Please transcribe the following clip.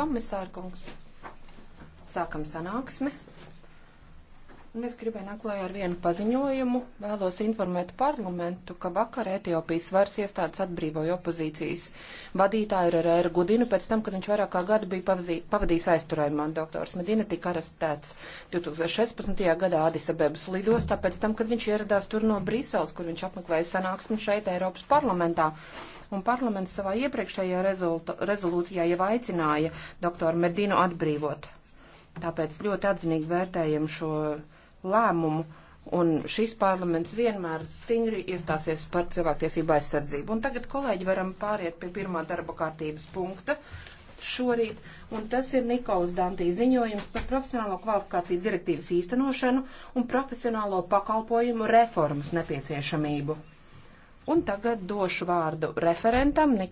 komisārkungs. Sākam sanāksmi. Un es gribēju naklēt ar vienu paziņojumu. Vēlos informēt parlamentu, ka vakar Etiopijas varas iestādes atbrīvoja opozīcijas vadītāju ar Ēru Gudinu pēc tam, kad viņš vairāk kā gadu bija pavadījis aizturējumā. Doktors Medina tika arestēts 2016. gadā Adisabebas lidostā pēc tam, kad viņš ieradās tur no Brīseles, kur viņš apmeklēja sanāksmi šeit Eiropas parlamentā. Un parlaments savā iepriekšējā rezolūcijā jau aicināja doktoru Medinu atbrīvot. Tāpēc ļoti atzinīgi vērtējam šo lēmumu, un šis parlaments vienmēr stingri iestāsies par cilvēktiesību aizsardzību. Un tagad, kolēģi, varam pāriet pie pirmā darba kārtības punkta šorīt, un tas ir Nikolas Dantī ziņojums par profesionālo kvalifikāciju direktīvas īstenošanu un profesionālo pakalpojumu reformas nepieciešamību. Un tagad došu vārdu referentam Nikolas.